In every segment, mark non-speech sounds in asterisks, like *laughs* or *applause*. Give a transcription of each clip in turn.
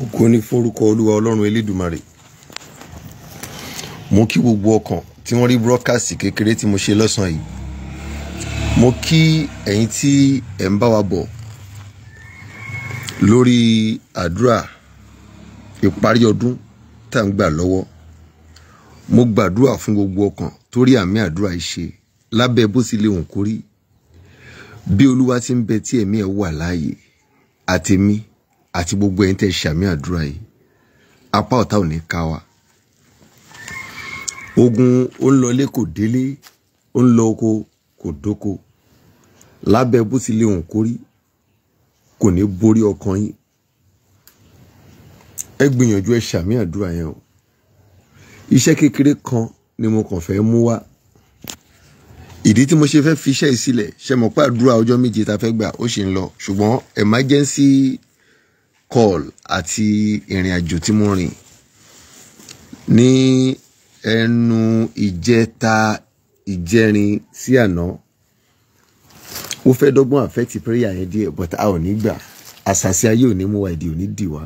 ògo ni forúkọ olúwa ọlọ́run elédùmarè mo kí gbogbo ọkàn tí wọ́n rí búrọ́kàsì kékeré tí mo ṣe lọ́sàn-án yìí mo kí ẹ̀yin tí ẹ̀ ń bá wa bọ̀ lórí àdúrà ìparí ọdún tá à ń gbà lọ́wọ́ mo gbàdúrà fún gbogbo ọkàn torí àmì àdúrà yìí ṣe lábẹ́ bó sì lè hùn kórí bí olúwa ti ń bẹ tí ẹ̀mí ẹ̀ wà láàyè àtẹ̀mí àti gbogbo ẹ̀yin tẹ́ ṣàmì àdúrà yìí apá ọ̀tá ò ní ká wa ogun ó ń lọlé kò délé ó ń lọ oko kò dóko lábẹ́ bó ti lè hùn kórí kò ní borí ọkàn yín ẹ gbìyànjú ẹ ṣàmì àdúrà yẹn o iṣẹ́ kékeré kan ni mo kàn fẹ́ mú wá ìdí tí mo ṣe fẹ́ fi iṣẹ́ yìí sílẹ̀ ṣe mọ̀ pé àdúrà ọjọ́ méje ta fẹ́ gbà ó sì ń lọ ṣùgbọ́n emergency call àti ìrìn àjò tí mo rìn ní ẹnu ìjẹta ìjẹrin sí àná ó fẹ́ dọ́gbọ́n àfẹ́tì prayer yẹn díẹ̀ but a ò ní gbà àṣàṣì ayé ò ní mú wa èdè ò ní dì wá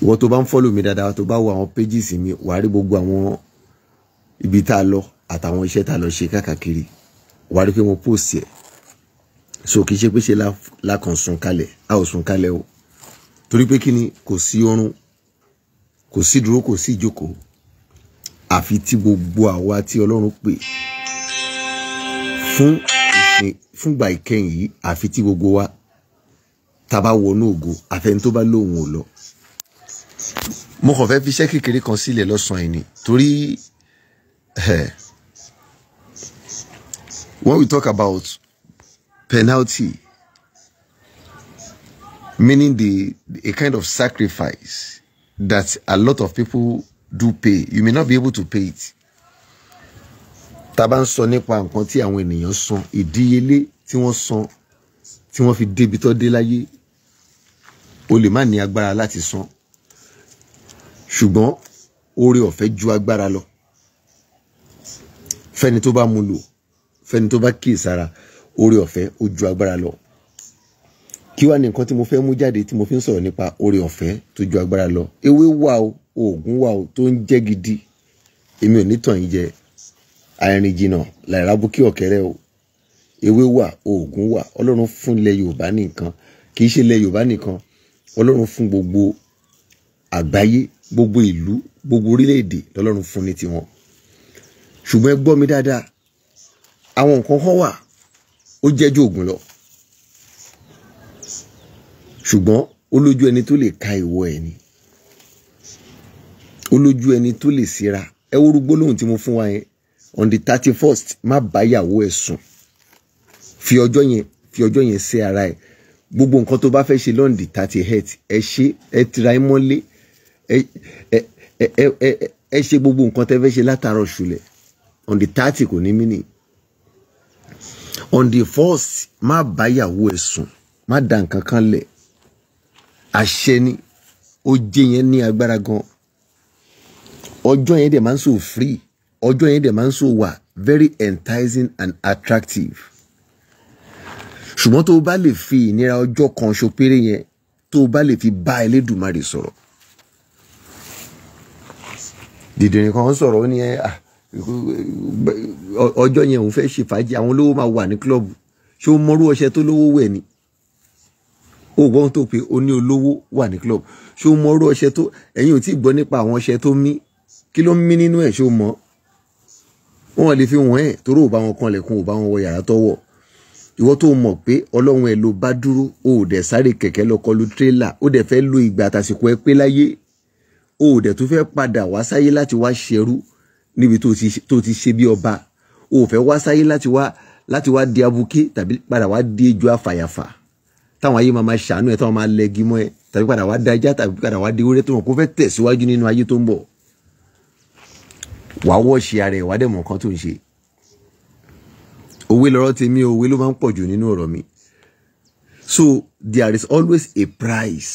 ìwọ tó bá ń follow mi dáadáa tó bá wo àwọn pages mi wàá rí gbogbo àwọn ibi tá a lọ àtàwọn iṣẹ́ tá a lọ ṣe káàkiri wàá rí pé mo post ẹ̀ so kì í ṣe pé ṣe la kàn kalẹ̀ a ò sùn kalẹ̀ o torí pé kí ni kò sí orun kò sí dúró kò sí ìjókòó àfi tí gbogbo àwa tí Ọlọ́run pè fún ìsìn fúngbà ìkẹyìn yìí àfi tí gbogbo wa tá bá wọnú ògo àfẹni tó bá lóun ò lọ. mo kàn fẹ́ fi iṣẹ́ kékeré kan sílẹ̀ lọ́sàn-án yìí torí eh, when we talk about penalty meaning the a kind of sacrifice that a lot of people do pay you may not be able to pay it Taban bá ń sọ nípa nǹkan tí àwọn ènìyàn san ìdíyelé tí wọ́n san tí wọ́n fi débi tó dé láyé o lè má ní agbára láti san ṣùgbọ́n oore ọ̀fẹ́ ju agbára lọ fẹ́ni tó bá mu lò fẹ́ni tó bá kíyèsára oore ọ̀fẹ́ ó ju agbára lọ kí wá ní nǹkan tí mo fẹ́ mú jáde tí mo fi ń sọ̀rọ̀ nípa oore ọ̀fẹ́ tó ju agbára lọ ewé wà o oògùn wà o tó ń jẹ́ gidi èmi ò ní tàn yín jẹ àìrìn jìnnà làrá búkí ọ̀kẹ́rẹ́ o ewé wà oògùn wà ọlọ́run fún ilẹ̀ yorùbá nìkan kì í ṣe ilẹ̀ yorùbá nìkan ọlọ́run fún gbogbo àgbáyé gbogbo ìlú gbogbo orílẹ̀-èdè lọ́lọ́run fún ní tiwọn ṣùgbọ́n ẹ gbọ́ mi dáadáa àwọn nǹkan kan wà ó jẹ́ oògùn lọ ṣùgbọ́n ó lójú ẹni tó lè ka ìwọ ẹ̀ ni ó lójú ẹni tó lè síra ẹ wo rúgbó tí mo fún wa yẹn on the thirty first má bá yàwó ẹ̀ sùn fi ọjọ́ yẹn fi ọjọ́ yẹn ṣe ara ẹ̀ gbogbo nǹkan tó bá fẹ́ ṣe lọ́n the thirty eight ẹ ṣe ẹ tira ẹ mọ́lé ẹ ẹ ẹ ẹ ẹ ṣe gbogbo nǹkan tẹ́ fẹ́ ṣe látàárọ̀ ṣùlẹ̀ on the thirty kò ní mínì on the first má bá yàwó ẹ̀ sùn má da nǹkan kan lẹ̀ àṣẹ ni oje yẹn ní agbára gan ọjọ́ yẹn dẹ̀ máa ń so free ọjọ́ yẹn dẹ̀ máa ń so wà very enticing and attractive ṣùgbọ́n tó o bá lè fi ìnira ọjọ́ kan ṣopere yẹn tó o bá lè fi bá Elédùmarè sọ̀rọ̀ dìdìrín kan sọ̀rọ̀ ó ní ẹ ah, ọjọ́ yẹn òun fẹ́ ṣe fàájì àwọn olówó máa wà ní kílọ̀bù ṣé o mọrú ọṣẹ tó lówó wẹ̀ ni ó gbọ́n tó pé ó ní olówó wà ní club ṣé o mọ orú ọṣẹ tó ẹ̀yin ò tí ì gbọ́ nípa àwọn ọṣẹ tó mí kí ló ń mí nínú ẹ̀ ṣé o mọ wọn lè fi wọn ẹ̀ torí ò bá wọn kanlẹ̀kùn ò bá wọn wọ yàrá tọ́wọ̀ ìwọ tó mọ̀ pé ọlọ́run ẹ̀ ló bá dúró o ò dẹ̀ sáré kẹ̀kẹ́ lọ kọlu tírélà ó dẹ̀ fẹ́ lo ìgbà àtàsìkò ẹ pé láyé o ò dẹ̀ tún fẹ́ padà wá sáyé láti wá ṣerú níbi tó ti ṣe bí ọba o ò fẹ́ wá sáyé láti wá láti wá di abuké tàbí padà wá di ejò afàyàfà táwọn ayé máa máa ṣàánú ẹ táwọn máa lẹgi mọ́ ẹ tàbí padà wá da tàbí padà wá di tó mọ̀ kó fẹ́ tẹ̀síwájú nínú ayé tó ń bọ̀ wàá wọ́ọ̀ṣì ara ẹ̀ wàá dẹ̀ mọ̀ tó ń ṣe òwe lọ́rọ̀ tèmi òwe ló máa ń pọ̀ jù nínú ọ̀rọ̀ mi so there is always a price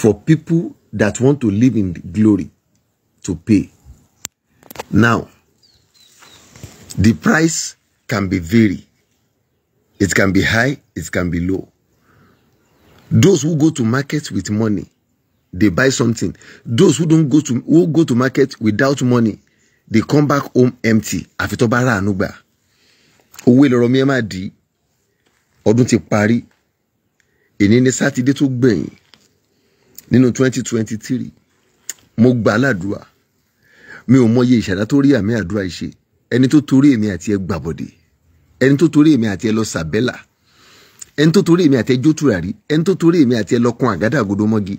for people that want to live in glory to pay now the price can be varied It can be high, it can be low. Those who go to market with money, they buy something. Those who don't go to who go to market without money, they come back home empty. Àfi tó bá ra àánú gbà. Owó di. Ọdún ti pari, Èní ni Sátidé tó gbẹ̀yìn nínú twenty twenty three. Mo gba aládùúrà. Mi ò mọyì ìṣàdá tó rí àmì àdúrà ìṣe. Ẹni tó torí èmi àti ẹ gbàbọ̀dé ẹni tó torí èmi àti ẹ lọ sàbẹ́là ẹni tó torí èmi àti ẹ jó tùràrí ẹni tó torí èmi àti ẹ lọ kun àgádágodo mọ́gi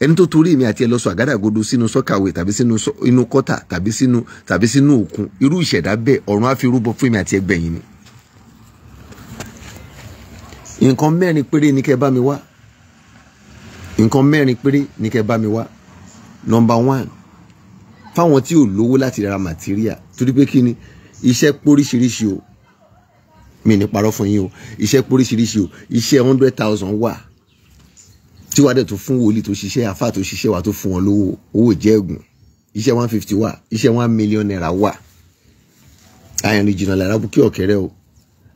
ẹni tó torí èmi àti ẹ lọ sọ àgádágodo sínú sọ́kàwé tàbí sínú inú kọ́tà tàbí sínú tàbí sínú òkun irú ìṣẹ̀dá bẹ́ẹ̀ ọ̀run á fún èmi àti ẹ gbẹ̀yìn ni. nǹkan mẹ́rin péré ni kẹ́ bá mi wá nǹkan mẹ́rin péré ni kẹ́ bá mi wá nọmba one fáwọn tí ò lówó láti ra màtíríà torí pé kí ni iṣẹ́ póríṣiríṣi mi ní parọ́ fún yín o iṣẹ́ póríṣiríṣi o iṣẹ́ hundred thousand wà tí wàá dẹ̀ tó fún wòlíì tó ṣiṣẹ́ àfà tó ṣiṣẹ́ wà tó fún wọn lówó owó ìjẹ́gùn iṣẹ́ one fifty wà iṣẹ́ one million naira wà àyànrìn jìnnà lára bukí ọ̀kẹ́rẹ́ o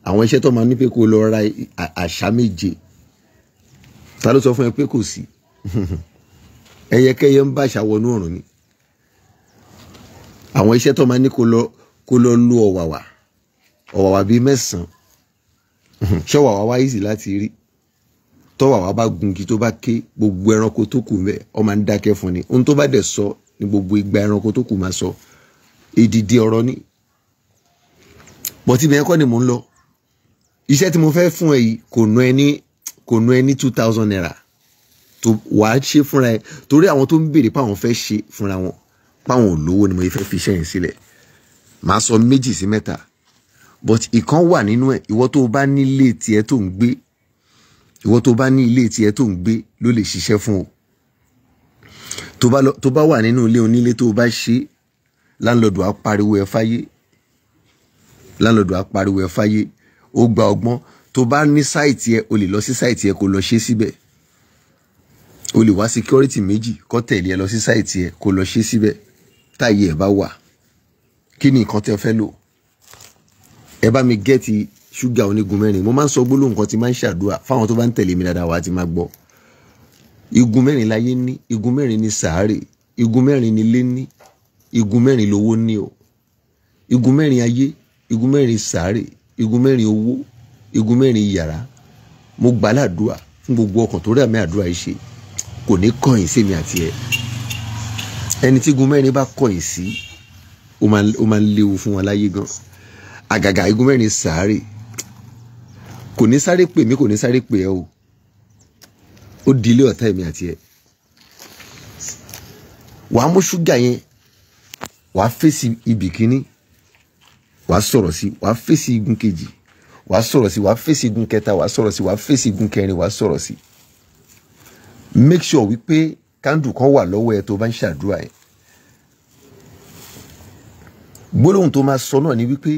àwọn iṣẹ́ tó máa ní pé kó lọ ra àṣà méje ta ló sọ fún ẹ pé kò sí *laughs* ẹyẹkẹyẹ ń bá àṣà wọnú ọ̀run ni àwọn iṣẹ́ tó máa ní kó lọ kó lọ lu ọ̀wàwà ọ̀wàwà bíi mẹ́sàn-án *laughs* ṣọ́wà wá wá easy láti rí tọ́wà wá bá gungi tó bá ké gbogbo ẹranko tó kù mẹ́ ọ máa ń dákẹ́ fún ni ohun tó bá dẹ̀ sọ ni gbogbo igba ẹranko tó kù máa sọ èdìdì ọ̀rọ̀ ni bọ́tí mi ni mò ń lọ iṣẹ́ tí mo fẹ́ fún ẹ yìí kò ná ẹ kò ná ẹ two thousand naira tó wà á ṣe fúnra ẹ torí àwọn tó ń béèrè páwọn fẹ́ ṣe fúnra wọn páwọn ò ni mo fẹ́ fi iṣẹ́ yẹn sílẹ̀ màá sọ méjì sí mẹ́ta but ìkan wà nínú ẹ̀ ìwọ tó o bá ní ilé tiẹ̀ tó ń gbé ìwọ tó o bá ní ilé tiẹ̀ tó ń gbé ló lè ṣiṣẹ́ fún o tó bá wà nínú ilé onílé tó o bá ṣe láńlọ́dù á pariwo ẹ fáyé láńlọ́dù á pariwo ẹ fáyé ó gba ọgbọ́n tó bá ní sáìtì ẹ o lè lọ sí sáìtì ẹ kó lọ ṣe síbẹ̀ o lè wá security méjì kó tẹ̀lé ẹ lọ sí sáìtì ẹ kó lọ ṣe síbẹ̀ táyé ẹ bá wà kí ni nǹkan tẹ́ fẹ́ lò ẹ bá mi gẹ́ẹ̀tì ṣúgà onígun mẹ́rin mo máa ń sọ gbólóhùn kan tí máa ń ṣàdúrà fáwọn tó bá ń tẹ̀lé mi dáadáa wá ti máa gbọ́ igun mẹ́rin láyé ní igun mẹ́rin ní sàárè igun mẹ́rin nílé ní igun mẹ́rin lówó ní o igun mẹ́rin ayé igun mẹ́rin sàárè igun mẹ́rin owó igun mẹ́rin yàrá mo gbà ládùúà fún gbogbo ọkàn tó rẹ̀ mí àdúrà yìí ṣe kò ní kọ̀yìn sí mi àti ẹ ẹni tí igun mẹ́rin bá kọ̀yìn sí ó máa léwu fún wọn láyé gan-an àgàgà igun mẹ́rin sáré kò ní sáré pè mí kò ní sáré pè ẹ́ o ó di ilé ọ̀tá èmi àti ẹ̀ wàá mú ṣúgà yẹn wàá fèsì ibì kínní wàá sọ̀rọ̀ sí wàá fèsì igun kejì wàá sọ̀rọ̀ sí wàá fèsì igun kẹta wàá sọ̀rọ̀ sí wàá fèsì igun kẹrin wàá sọ̀rọ̀ sí make sure wípé kándù kan wà lọ́wọ́ ẹ tó bá ń ṣàdúrà ẹ gbólóhùn tó máa sọ náà ni wípé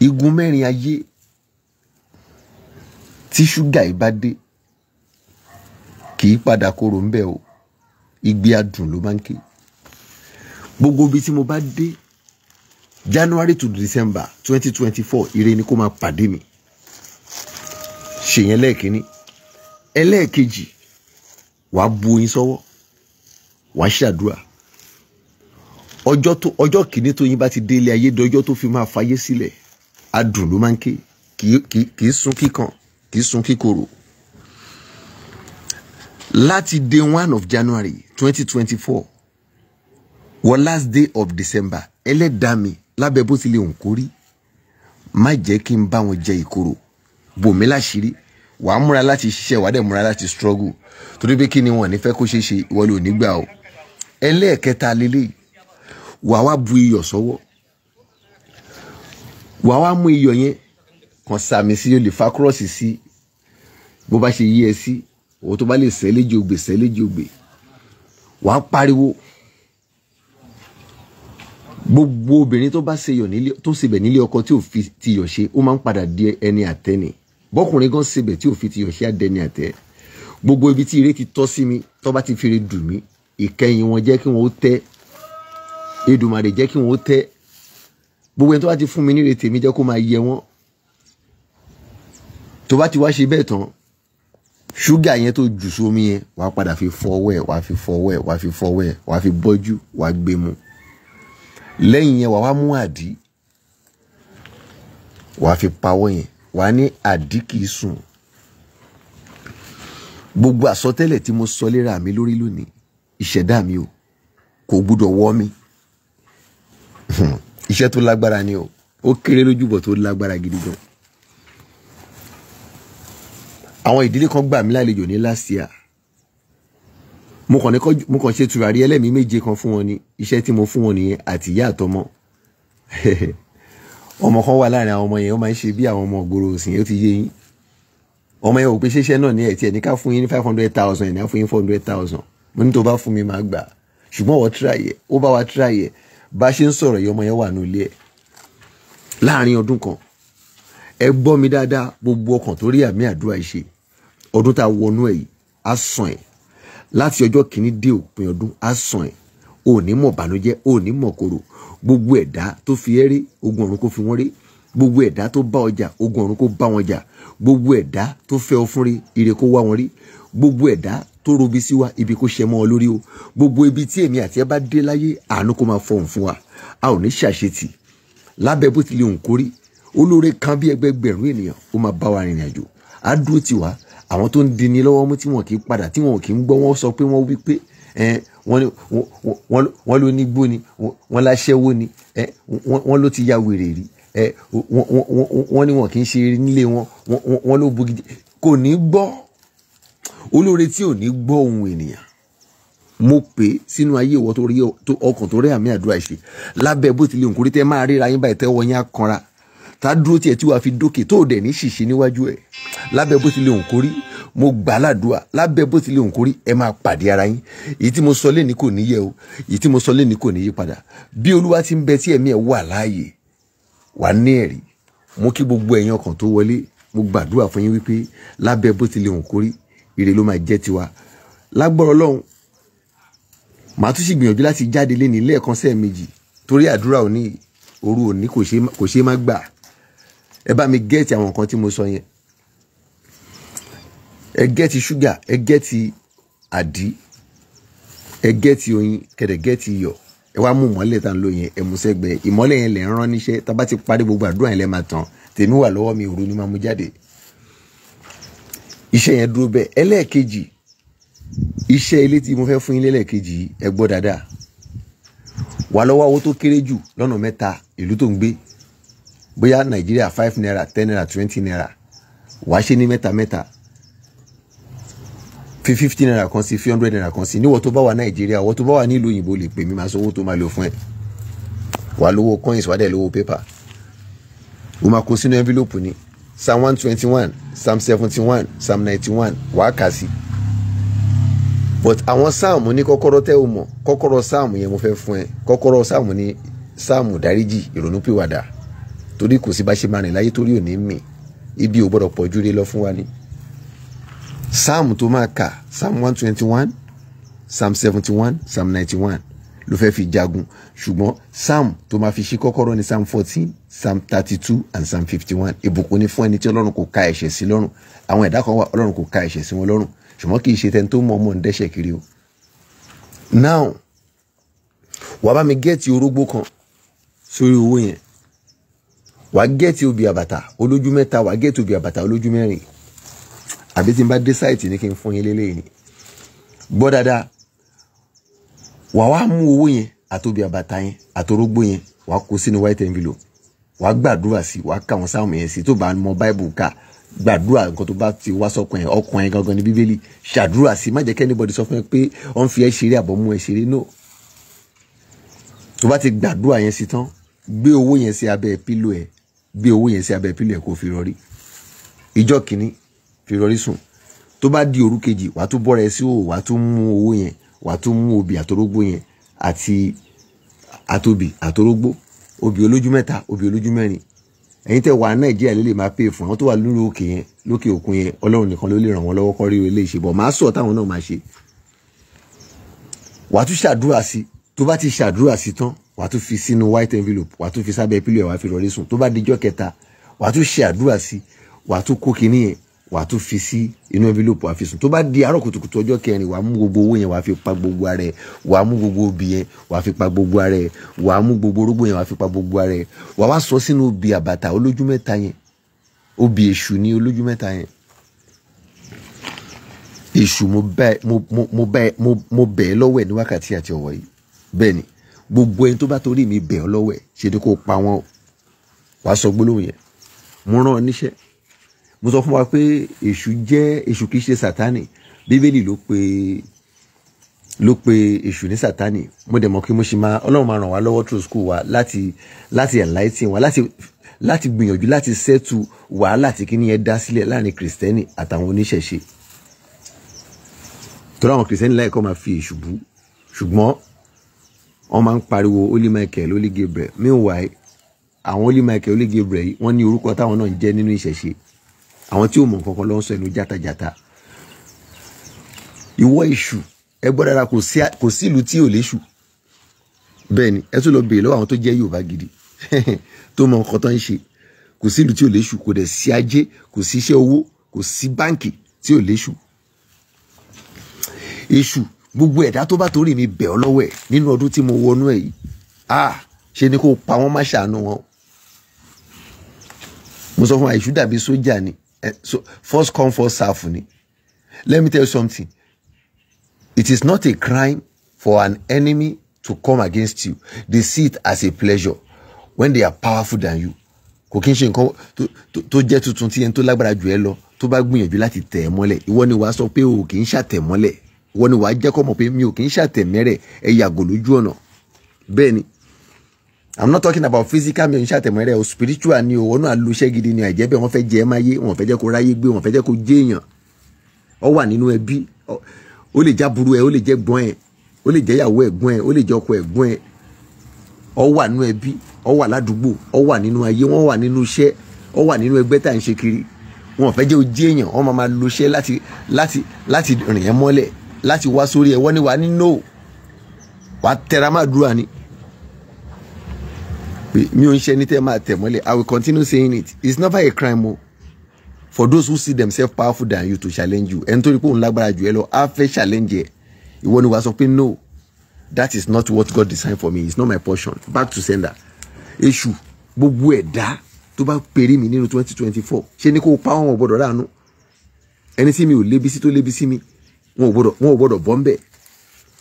igun mẹ́rin ayé tí ṣúgà yìí bá dé kì í padà kóró ń o igbe adùn ló máa ń ké gbogbo ibi tí mo bá dé January to December twenty twenty four ire ni kó máa pàdé mi ṣèyẹn lẹ́ẹ̀kínní ẹlẹ́ẹ̀kejì wàá bu oyin sọ́wọ́ wàá ṣàdúrà ọjọ́ kìíní tó yín bá ti délé ayé dọjọ́ tó fi máa fayé sílẹ̀ adùn ló máa ń ké kì í sun kíkan kì í sun kíkorò láti day one of January twenty twenty four wọ last day of December ẹlẹ́dàá mi lábẹ́ bó tilẹ̀ ń kórí má jẹ́ kí n bá wọn jẹ ìkorò bòmí láṣìírí wàá múra láti ṣiṣẹ́ wàá dẹ̀ múra láti struggle torí pé kí ni wọn ò ní fẹ́ kó ṣeé ṣe ìwọ ló ní gbà o ẹlẹ́ẹ̀kẹta lélẹ́yìí wàá wá bu iyọ̀ sọ́wọ́ wà wá mú iyọ̀ yẹn kàn sàmì sí o lè fa kúrọ́ọ̀sì sí bó bá ṣe yí ẹ sí òun tó bá lè sẹ́ ògbè sẹ́ ògbè wà á pariwo gbogbo obìnrin tó bá ṣeyọ̀ nílé tó ṣebẹ̀ nílé ọkọ tí ò fi tiyọ̀ ṣe ó máa ń padà di ẹni àtẹ́ ni bọ́kùnrin gan ṣebẹ̀ tí ò fi tiyọ̀ ṣe àdẹni àtẹ́ gbogbo ibi tí ire ti tọ́ sí mi tó bá ti fi ire dùn mí ìkẹyìn wọn jẹ́ kí wọ́n ó tẹ́ Èdùmàrè jẹ́ kí wọ́n tẹ́ gbogbo ẹni tó bá ti fún mi ní ìrètè mi jẹ́ kó máa yẹ wọ́n tó bá ti wá ṣe bẹ́ẹ̀ tán ṣúgà yẹn tó jù sómi yẹn wà á padà fi fọwọ́ ẹ̀ wà á fi fọwọ́ ẹ̀ wà á fi fọwọ́ ẹ̀ wà á fi bọ́jú wà á gbé mu lẹ́yìn yẹn wà á mú àdí wà á fi pawọ́ yẹn wà á ní àdí kìí sùn gbogbo àsọtẹ́lẹ̀ tí mo sọ léra mi lórí lónìí ìṣẹ̀dá mi o kò gbúdọ̀ wọ́ mi. *laughs* iṣẹ́ tó lágbára ni o ó kéré lójúbọ̀ tó lágbára gidi gan. àwọn ìdílé kan gbà mí lálejò ní last year mo kàn ní mo kàn ṣe tùràrí ẹlẹ́mìí méje kan fún wọn ni iṣẹ́ tí mo fún wọn nìyẹn àti ìyá àtọmọ *laughs* ọmọ kan wà láàrin àwọn ọmọ yẹn ó máa ń ṣe bí àwọn ọmọ ògbóró òsìn ó ti yé yín ọmọ yẹn ò pé ṣiṣẹ́ náà ní ẹ̀tí ẹ̀ fún yín ní five hundred thousand ẹ̀ ní ká fún yín four hundred thousand mo ní tó bá fún mi máa gbà ṣùgbọ́n wọ́n tíráyẹ̀ ó bá wa tíráyẹ̀ bá ṣe ń sọ̀rọ̀ yìí ọmọ yẹn wà ní ilé ẹ̀ láàrin ọdún kan ẹ gbọ́ mi dáadáa gbogbo ọkàn tó rí àmì àdúrà yìí ṣe ọdún tá a wọnú ẹ̀ yìí á sàn ẹ̀ láti ọjọ́ kìíní dé òpin ọdún á sàn ẹ̀ ò mọ̀ bànújẹ́ ò mọ̀ korò gbogbo ẹ̀dá tó fi ẹ́ rí ogun ọ̀run kó fi wọ́n rí gbogbo ẹ̀dá tó bá ọjà ogun ọ̀run kó bá wọn jà gbogbo ẹ̀dá tó fẹ́ ọ fún rí ire kó wá wọn rí gbogbo ẹ̀dá tó robi sí wa ibi kó ṣe mọ́ ọ lórí o gbogbo ibi tí èmi àti ẹ bá dé láyé àánú kó máa fọhùn fún wa a ò ní ṣàṣetì lábẹ́ bó tilẹ̀ òǹkórí olóore kan bí ẹgbẹgbẹ̀rún ènìyàn ó máa bá wa rìnrìn àjò á dúró tiwa àwọn tó ń dini lọ́wọ́ mú tí wọn kì í padà tí wọn kì í gbọ́ wọn sọ pé wọ́n wí pé wọ́n ló ní gbó ni wọ́n láṣẹ́wó ni wọ́n ló ti ya wèrè rí wọ́n ní wọn kì í ṣe nílé wọn wọ́n ló bugi kò ní gbọ́ olóore tí ò ní gbọ́ ohun ènìyàn mo pè é sínú ayé ìwọ tó rí ọkàn tó rí àmì àdúrà ṣe lábẹ́ bó tilẹ̀ òǹkórí tẹ́ máa ríra yín báyìí tẹ́wọ́ yín á kanra tá a dúró tiẹ̀ tí wàá fi dókè tó o dẹ̀ ní ṣìṣe níwájú ẹ̀ lábẹ́ bó tilẹ̀ òǹkórí mo gbà ládùúà lábẹ́ bó tilẹ̀ òǹkórí ẹ máa pàdé ara yín èyí tí mo sọ lẹ́ni kò níyẹ o èyí tí mo sọ lẹ́ni kò níyí padà bí olúwa ti ń bẹ tí ẹ̀mí ẹ̀ wà láàyè wà ní ẹ̀rí mo kí gbogbo ẹ̀yin ọkàn tó wọlé mo gbàdúrà fún yín wípé lábẹ́ bó tilẹ̀ òǹkórí ire ló máa jẹ́ tiwa lágbọ́rọ̀ ọlọ́run màá tún sì gbìyànjú láti jáde lé ní ilé ẹ̀kan sẹ́ẹ̀mejì torí àdúrà òní òru òní kò ṣeé má gbà ẹ bá mi gẹ́ẹ̀tì àwọn nǹkan tí mo sọ yẹn ẹ gẹ́ẹ̀tì ṣúgà ẹ gẹ́ẹ̀tì àdí ẹ gẹ́ẹ̀tì oyin kẹ̀dẹ̀ gẹ́ẹ̀tì iyọ̀ ẹ wá mú ìmọ́lẹ̀ tá ń lò yẹn ẹ mú sẹ́gbẹ̀ẹ́ yẹn lè ń rán níṣẹ́ tá bá ti parí gbogbo àdúrà yẹn lẹ́ máa tán tèmi wà lọ́wọ́ mi òru ni máa mú jáde iṣẹ́ yẹn dúró bẹ́ẹ̀ ẹlẹ́ẹ̀kejì iṣẹ́ ilé tí mo fẹ́ fún yín lẹ́lẹ́ẹ̀kejì ẹ gbọ́ dáadáa wà lọ́wọ́ owó tó kéré jù lọ́nà mẹ́ta ìlú tó ń gbé bóyá nàìjíríà five naira ten naira twenty naira wàá ṣe ní mẹ́ta mẹ́ta fi fifty naira kan sí fi hundred naira kan sí níwọ̀ tó bá wà nàìjíríà ọwọ́ tó bá wà nílùú òyìnbó lè pè mí máa sanwó tó máa lò fún ẹ wà lówó coins wà dẹ̀ lówó paper ó máa kó sínú envelope ni psalm one twenty one psalm seventy one psalm ninety one wàá kà sí. but àwọn sáàmù ní kọ́kọ́rọ́ tẹ́ o mọ̀ kọ́kọ́rọ́ sáàmù yẹn mo fẹ́ fún ẹ kọ́kọ́rọ́ sáàmù ní sáàmù dáríjì ìrònúpìwàdà torí kò sí bá ṣe máa rìn láyé torí òní mì ibi ò gbọ́dọ̀ pọ̀ júre lọ fún wa ni. sáàmù tó máa kà psalm one twenty one psalm seventy one psalm ninety one ló fẹ́ fi jagun ṣùgbọ́n psalm tó máa fi ṣí kọ́kọ́rọ́ ní psalm fourteen psalm thirty two and psalm fifty one ìbùkún ni fún ẹni tí ọlọ́run kò ka ẹ̀ṣẹ̀ sí lọ́rùn àwọn ẹ̀dá kan wà ọlọ́run kò ka ẹ̀ṣẹ̀ sí wọn lọ́rùn ṣùgbọ́n kì í ṣe tẹni tó mọ ọmọ ń dẹ́ṣẹ̀ kiri o. now wàá bá mi gẹ́ẹ̀tì orógbó kan sórí owó yẹn wàá gẹ́ẹ̀tì obì àbàtà olójú mẹ́ta wàá gẹ́ẹ̀tì obì àbàtà olójú mẹ́rin àbí tí n bá dé sáìtì ní kí n fún yín lélẹ́yìn ni gbọ́ dáadáa wàá wá mú owó yẹn àtòbí àbàtà yẹn àtòrógbó yẹn wàá kó sínú white envelope wàá gbàdúrà sí wàá kà wọn sáwọn yẹn sí tó bá mọ báìbù ká gbàdúrà nǹkan tó bá ti wá sọkàn yẹn ọkàn yẹn gangan ní bíbélì ṣàdúrà sí má jẹ́ kí anybody sọ fún ẹ pé ọ̀n fi ẹ ṣeré àbọ̀ mú ẹ ṣeré no tó bá ti gbàdúrà yẹn sí tán gbé owó yẹn sí abẹ́ pílò ẹ gbé owó yẹn sí abẹ́ pílò ẹ kó fi rọrí ìjọ kìíní fi rọrí sùn tó bá di òru kejì wàá tún bọ́ra ẹ sí òwò wàá tún mú owó yẹn wàá tún mú obì àtorógbó yẹn àti àtobì àtorógbó obì olójú mẹ́ta obì olójú mẹ́rin ẹ̀yin tẹ́ wà nàìjíríà lè lè máa pè fún àwọn tó wà lórí òkè yẹn lókè òkun yẹn ọlọ́run nìkan ló lè ràn wọ́n lọ́wọ́ kọ́ rí ilé ìṣe bọ̀ máa sọ táwọn náà máa ṣe wàá tún ṣàdúrà sí tó bá ti ṣàdúrà sí tán wàá tún fi sínú white envelope wàá tún fi sábẹ́ pílò ẹ̀ wàá fi rọrí sùn tó bá dijọ́ kẹta wàá tún ṣàdúrà sí wàá tún kó kinní yẹn wàá tún fi sí inú envelope wàá fi sùn tó bá di àárọ̀ kùtùkùtù ọjọ́ kẹrin wàá mú gbogbo owó yẹn wàá fi pa gbogbo ara ẹ̀ wàá mú gbogbo obì yẹn wàá fi pa gbogbo ara ẹ̀ wàá mú gbogbo orógbó yẹn wàá fi pa gbogbo ara ẹ̀ wàá wá sọ sínú obì àbàtà olójú mẹ́ta yẹn obì èṣù ní olójú mẹ́ta yẹn èṣù mo bẹ̀ mo bẹ̀ ẹ́ ní wákàtí àti ọ̀wọ́ yìí bẹ́ẹ̀ ni gbogbo ẹni tó bá torí mi bẹ̀ ọ́ lọ́wọ́ ẹ̀ ṣe ni kó mo sọ fún wa pé èṣù jẹ́ èṣù kìí ṣe sátánì bíbélì ló pe ló pe èṣù ní sátánì mo dẹ̀ mọ̀ kí mo ṣe máa ọlọ́run máa ràn wá lọ́wọ́ through school wa láti láti enlighten wa láti láti gbìyànjú láti ṣẹ́tù wàhálà tí kìíní yẹn dá sílẹ̀ láàrin kìrìsìtẹ́nì àtàwọn oníṣẹ̀ṣe torí àwọn kìrìsìtẹ́nì láì máa fi èṣù bú ṣùgbọ́n wọ́n máa ń pariwo holy michael holy gabriel meanwhile àwọn holy michael holy gabriel yìí wọ́n ní orúkọ táwọn náà ń jẹ́ nínú ìṣẹ̀ṣe àwọn tí ò mọ̀ nǹkan kan ló ń sọ ìlú játajàta ìwọ èṣù ẹ gbọ́ dára kò sí ìlú tí ò léṣù bẹ́ẹ̀ ni ẹ tún lọ béèrè lọ́wọ́ àwọn tó jẹ́ Yorùbá gidi *laughs* tó mọ̀ nǹkan tó ń ṣe kò sí ìlú tí ò léṣù kò dẹ̀ sí ajé kò sí iṣẹ́ owó kò sí báǹkì tí ò léṣù èṣù gbogbo ẹ̀dá tó bá torí mi bẹ̀ ọ́ lọ́wọ́ ẹ̀ nínú ọdún tí mo wọnú ẹ̀ yìí ah ṣe ni kó pa wọ́n má ṣàánú wọn mo sọ fún wa èṣù dàbí sójà ni Eh, so first come first serve ni let me tell you something it is not a crime for an enemy to come against you they see it as a pleasure when they are powerful than you kò kí n ṣe nǹkan tó jẹ́ tuntun tí ẹni tó lágbára jù ẹ lọ tó bá gbìyànjú láti tẹ̀ ẹ́ mọ́lẹ̀ ìwọ ni wàá sọ pé o kì í ṣàtẹ̀mọ́lẹ̀ ìwọ ni wàá jẹ́ kọ́ mọ̀ pé mi ò kì í ṣàtẹ̀mẹ́rẹ̀ ẹ yàgò lójú ọ̀nà bẹ́ẹ̀ ni i'm not talking about physical mi ò ń ṣàtẹ̀mọ́ rẹ̀ o spiritual ni o wọn náà lu iṣẹ́ gidi ni àìjẹ́ bẹ́ẹ̀ wọ́n fẹ́ jẹ́ ẹ máyé wọ́n fẹ́ jẹ́ kó ráyé gbé wọ́n fẹ́ jẹ́ kó jéèyàn ọ wà nínú ẹbí ó lè já burú ẹ ó lè jẹ́ gbọ́n ẹ ó lè jẹ́ ìyàwó ẹ̀gbọ́n ẹ ó lè jẹ́ ọkọ ẹ̀gbọ́n ẹ ọ wà nínú ẹbí ọ wà ládùúgbò ọ wà nínú ayé wọ́n wà nínú iṣẹ́ ọ wà nínú ẹgbẹ́ tá à ń ṣe kiri wọn fẹ́ jẹ́ ojú èèyàn wọn máa máa lo iṣẹ́ láti láti láti rìn ẹ́ mọ́lẹ̀ láti wá sórí ẹ̀ wọ́n ní wàá ní no wàá tẹra máa dúrà ni mi ò ń ṣe ẹni tẹ́ máa tẹ̀ mọ́lẹ̀ i will continue saying it it's never a crime o oh. for those who see themselves powerful than you to challenge you ẹni tó rí pé òun lágbára jù ẹ lọ á fẹ́ challenge ẹ ìwọ ni wàá sọ pé no that is not what God designed for me it's not my portion back to sender èṣù gbogbo ẹ̀dá tó bá péré mi nínú twenty twenty four ṣé ni kò pa wọn ò gbọdọ̀ ránu ẹni tí mi ò lébi sí tó lébi sí mi wọn ò gbọdọ̀ wọn ò gbọdọ̀ bọ́ ń bẹ́ẹ̀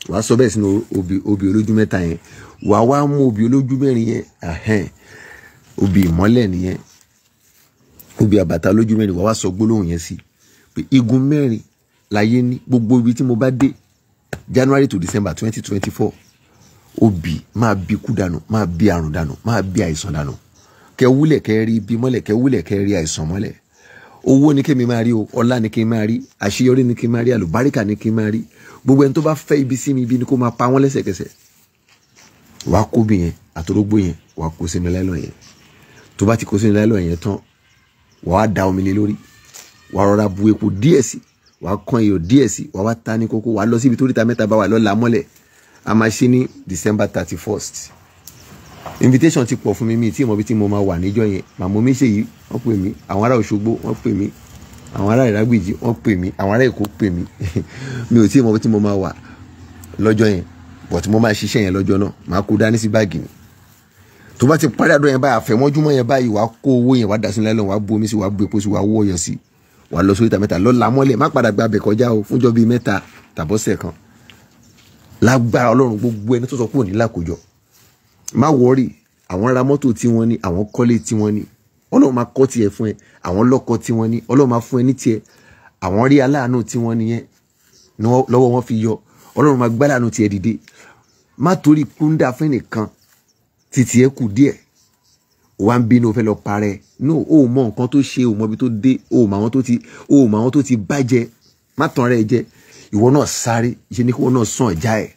wàá sọ bẹ́ẹ̀ sínú obì obì olójú mẹ́ta yẹn wàá wá mú obì olójú mẹ́rin yẹn ahẹ́n obì ìmọ́lẹ̀ nìyẹn obì àbàtà olójú mẹ́rin wàá wá sọ gbólóhùn yẹn sí pé igun mẹ́rin láyé ní gbogbo ibi tí mo bá dé January to December twenty twenty four obì máa bí ikú dànù máa bí àrùn dànù máa bí àìsàn dànù kẹ wúlẹ̀ kẹ rí ibi mọ́lẹ̀ kẹ wúlẹ̀ kẹ rí àìsàn mọ́lẹ̀ owó ni kí mi máa rí o ọlá ni kí n máa rí àṣeyọrí ni kí n máa rí àlùbáríkà ni kí n máa rí gbogbo ẹni tó bá fẹ́ ibi sí mi ibi ni kó máa pa wọ́n lẹ́sẹ̀kẹsẹ̀ wàá kó bí yẹn àtòrógbó yẹn wàá kó sínú láìlọ yẹn tó bá ti kó sínú láìlọ yẹn tán wàá da omi lé lórí wàá rọra bu epo díẹ̀ sí wàá kan iyọ̀ díẹ̀ sí wàá wá ta ní kókó wàá lọ síbi tó ríta mẹ́ta bá wà lọ́la mọ́lẹ̀ a máa ṣe ní December thirty first invitation ti pọ̀ fún mi mi tí mo bí tí mo máa wà níjọ́ yẹn màmú mi ṣe yìí wọ́n pè mí àwọn ará Òṣogbo wọ́n pè mí àwọn ará Ìrágbìjí wọ́n pè mí àwọn ará Èkó pè mí *laughs* mi ò tí mo bí tí mo máa wà lọ́jọ́ yẹn but mo máa ṣiṣẹ́ yẹn lọ́jọ́ náà màá kó dání sí báàgì mi tó bá ti parí àdó yẹn báyìí àfẹ̀mọ́júmọ́ yẹn báyìí wàá kó owó yẹn wàá dà sí nílẹ̀ wàá bu omi sí wàá bu epo sí wàá wọ́ ọyọ sí wàá lọ sórí ìta mẹ́ta lọ́la mọ́lẹ̀ má padà gba abẹ kọjá o fúnjọ́ bíi mẹ́ta tàbọ́sẹ̀ kan lágbára Ọlọ́run gbogbo ẹni tó sọ kúrò nílàkójọ má wọ́rì àwọn ra mọ́tò tí wọ́n ní àwọn kọ́lé tí wọ́n ní ọlọ́run máa kọ́ tiẹ̀ fún ẹ àwọn lọ́kọ tí wọ́n ní ọlọ́run máa fún ẹ ní tiẹ̀ àwọn rí aláàánú tí wọ́n nìyẹn lọ́wọ́ wọn fi yọ ọlọ́run máa gbálàánú tiẹ̀ dìde má torí kúńdà fún nìkan títí ẹ kù díẹ̀ wà ń bínú fẹ́ lọ parẹ́ no o mọ nǹkan tó ṣe o mọ ibi tó dé o mọ àwọn tó ti o mọ àwọn tó ti bàjẹ́ má tàn rẹ jẹ ìwọ náà sáré ìṣe ni kí wọn náà sàn já ẹ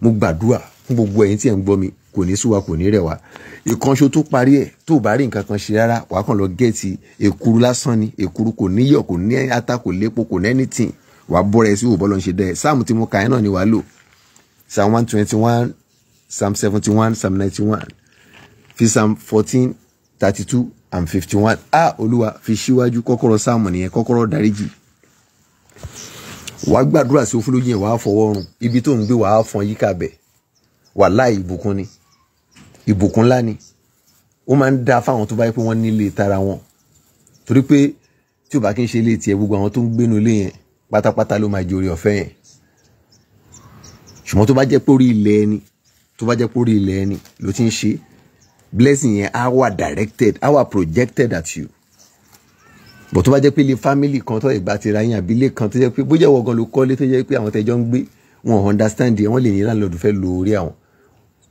mo gbàdúrà fún gbogbo ẹ̀yin tí ẹ ń gbọ́ mi kò ní sú wa kò ní rẹ̀ wá ìkanṣo tó parí ẹ̀ tó bá rí nǹkan kan ṣe rárá wàá kàn lọ gẹ́ẹ̀tì èkuru lásán ni èkuru kò níyọ̀ kò ní ata kò lépo kò ní anything wàá bọ́ra sí òbọ́ ló ṣe dẹ́ sáàmù tí mo kà ẹ́ náà ni wàá lò psalm one twenty one psalm seventy one psalm ninety one fi psalm fourteen thirty two and fifty one Ah olúwa fi síwájú kọ́kọ́rọ́ sáàmù nìyẹn kọ́kọ́rọ́ dáríjì wàá gbàdúrà sí òfúlójú yẹn wàá fọwọ́ rùn ibi tó ń gbé wàá fọn yíká bẹ̀ wàláì ìbùkún ni ìbùkún ńlá ni ó máa ń da fáwọn tó bá yẹ pé wọ́n nílé tara wọn torí pé tí ò bá kí ń ṣe ilé tiẹ̀ gbogbo àwọn tó ń gbénu ilé yẹn pátápátá ló máa jòrè ọ̀fẹ́ yẹn ṣùgbọ́n tó bá jẹ́ pé orí ilẹ̀ ẹni tó bá jẹ́ pé orí ilẹ̀ ẹni ló ti ń ṣe blessing yẹn á wà directed á wà projected at you bọ̀ tó bá jẹ́ pé ilé family kan tó ìgbà ti ra yín àbí ilé kan tó jẹ́ pé bójú ẹ̀wọ̀ gan ló kọ́lé tó jẹ́ pé àwọn tẹ́jọ́ ń gbé wọn understand yẹn wọ́n lè ní láńlọ́ọ̀dù fẹ́ lo àwọn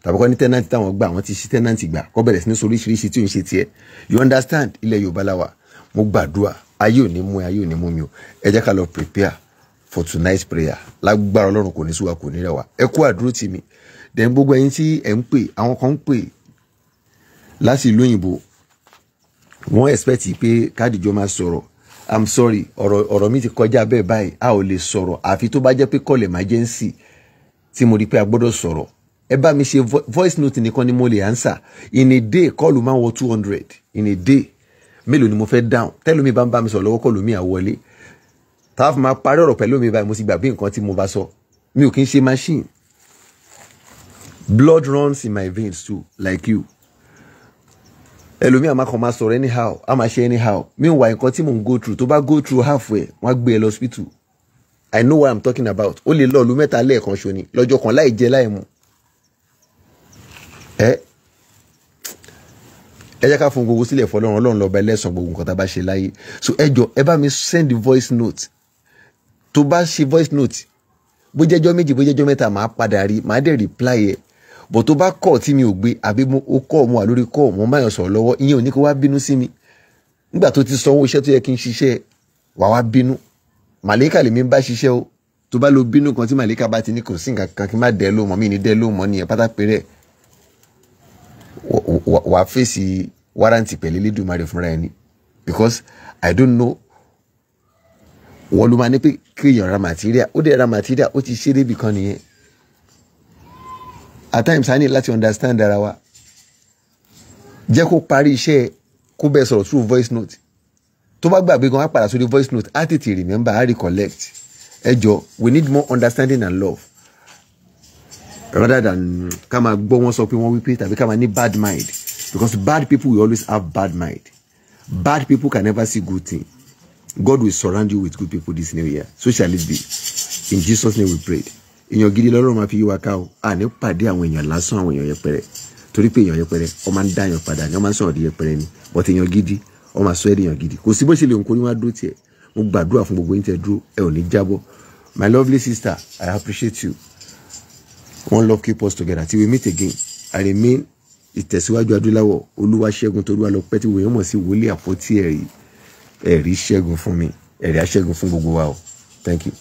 tàbí kọ́ tẹ́nàntì táwọn gbà wọ́n ti ṣí tẹ́nàntì gbà kọ́ bẹ̀rẹ̀ sí ní soríṣiríṣi tí ò ń ṣe tiẹ̀ you understand ilẹ̀ yorùbá la wà mo gbàdúrà ayé ò ní mú ayé ò ní mú mi o ẹ jẹ́ ká lọ prepare for tonight's prayer lágbára ọlọ́run kò ní sú wa kò ní rẹ̀ wá ẹ kú àdúró tì mí then gbogbo ẹyin tí ẹ ń pè àwọn kan ń pè láti ìlú òyìnbó wọ́n expect pé kádìjọ́ máa sọ̀rọ̀ i'm sorry ọ̀rọ̀ ọ̀rọ̀ mi ti kọjá bẹ́ẹ̀ báyìí a ò lè sọ̀rọ̀ àfi tó bá jẹ́ pé call emergency tí mo rí pé a gbọ́dọ̀ sọ̀rọ̀ ẹ bá mi ṣe voice note nìkan ni mo lè answer in a day kọ́ọ̀lù máa ń wọ two hundred in a day mélòó ni mo fẹ́ down tẹ́lómi bá ń bá mi sọ̀rọ̀ lọ́wọ́ kọ́ọ̀lù mi àwọlé táà fún ma parí ọ̀rọ̀ pẹ̀lú mi báyìí mo ti gbàgbé nǹkan tí mo bá sọ mi ò kí ń ṣe machine blood runs in my veins too like you ẹlòmíà máa kàn máa sọ̀rọ̀ anyhow a máa ṣe anyhow mi ò wá nǹkan tí mò ń go through tó bá go through half ẹ̀ wọ́n á gbé ẹ lọ hospital i know what i'm talking about ó lè lọ́ọ̀lù mẹ́ta lẹ́ẹ̀kan ṣo ni lọ́jọ́ kan láì jẹ láì mu ẹ ẹ jẹ́ ká fún gbogbo sílẹ̀ fọlọ́run ọlọ́run lọ́ba ẹlẹ́sàn gbogbo nǹkan tá ṣe láyé so ẹ jọ ẹ bá mi send voice note tó bá ṣe voice note bó jẹ́jọ́ méjì bó jẹ́jọ́ mẹ́ta màá padà rí màá dẹ̀ reply ẹ̀ bọ̀ tó bá kọ̀ tí mi ò gbé àbí ó kọ̀ kọ̀ sọ̀rọ̀ lọ́wọ́ ìyẹn ò ní kó wá bínú sí mi nígbà tó ti sanwó iṣẹ́ tó yẹ kí n ṣiṣẹ́ wà wá bínú màlẹ́kà lèmi bá ṣiṣẹ́ o tó bá lo bínú kan tí màlẹ́kà bá ti ní kò sí nǹkan kan kí n má dẹ́ mi ní dẹ́ nìyẹn pátápẹ́rẹ́ wàá fèsì warranty pẹ̀lú Elédùmarè fúnra ẹni because I don't know wọ́n ló máa ní pé kéèyàn ra material ó dẹ̀ ra material ó ti ṣe débi kan nìyẹn at times a ní láti understand ara wa jẹ́ kó parí iṣẹ́ kó bẹ́ẹ̀ sọ̀rọ̀ through voice note tó bá gbàgbé gan á padà sórí voice note á tètè remember á recollect ẹ jọ we need more understanding and love rather than ká máa gbọ́ wọn sọ pé wọ́n wípé tàbí ká máa ní bad mind because bad people will always have bad mind bad people can never see good thing God will surround you with good people this new year so shall it be in Jesus name we pray èèyàn gidi lọ́rọ̀ máa fi yí wa ká o àní pàdé àwọn èèyàn lásán àwọn èèyàn yẹpẹrẹ torí pé èèyàn yẹpẹrẹ ọ máa ń dá èèyàn padà ni ọ máa ń sọ̀rọ̀ di yẹpẹrẹ ni but èèyàn gidi ọ máa sọ ẹ́ di èèyàn gidi kò sí bó ṣe lè nǹkan oníwá dúró tiẹ̀ mo gbàdúrà fún gbogbo yín tẹ́ dúró ẹ ò ní jábọ́ my lovely sister I appreciate you one love keep us together till we meet again i remain ìtẹ̀síwájú adúláwọ̀ olúwaṣẹ́gun tolúwalọpẹ́ tí wòye mọ̀ sí wòlíì àpótí ẹ̀rí ẹ̀rí ṣẹ́gun fún mi ẹ̀rí aṣẹ́gun fún gbogbo wa o thank you.